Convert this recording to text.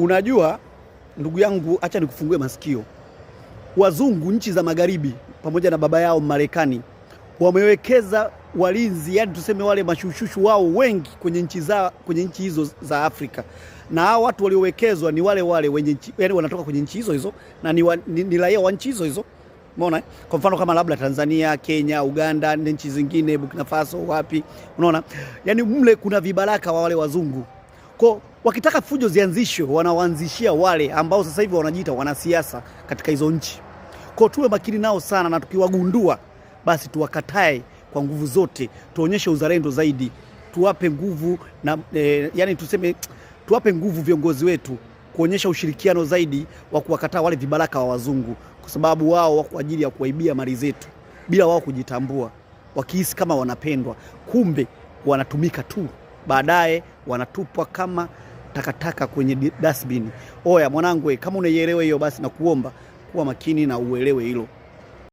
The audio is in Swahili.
Unajua ndugu yangu, acha nikufungue masikio. Wazungu nchi za magharibi pamoja na baba yao Marekani wamewekeza walinzi, yani tuseme wale mashushushu wao wengi kwenye nchi za, kwenye nchi hizo za Afrika, na hao watu waliowekezwa ni wale wale wenye nchi, yani wanatoka kwenye nchi hizo hizo na ni, ni, ni raia wa nchi hizo hizo. Umeona, eh? kwa mfano kama labda Tanzania, Kenya, Uganda na nchi zingine, Burkina Faso, wapi, unaona, yani mle kuna vibaraka wa wale wazungu kwa wakitaka fujo zianzishwe wanawaanzishia wale ambao sasa hivi wanajiita wanasiasa katika hizo nchi. Kwa tuwe makini nao sana, na tukiwagundua basi tuwakatae kwa nguvu zote, tuonyeshe uzalendo zaidi, tuwape nguvu na e, yani tuseme tuwape nguvu viongozi wetu kuonyesha ushirikiano zaidi wa kuwakataa wale vibaraka wa wazungu, kwa sababu wao wako kwa ajili ya kuwaibia mali zetu bila wao kujitambua, wakihisi kama wanapendwa, kumbe wanatumika tu, baadaye wanatupwa kama takataka kwenye dasbini Oya mwanangu, kama unaielewa hiyo basi, nakuomba kuwa makini na uelewe hilo.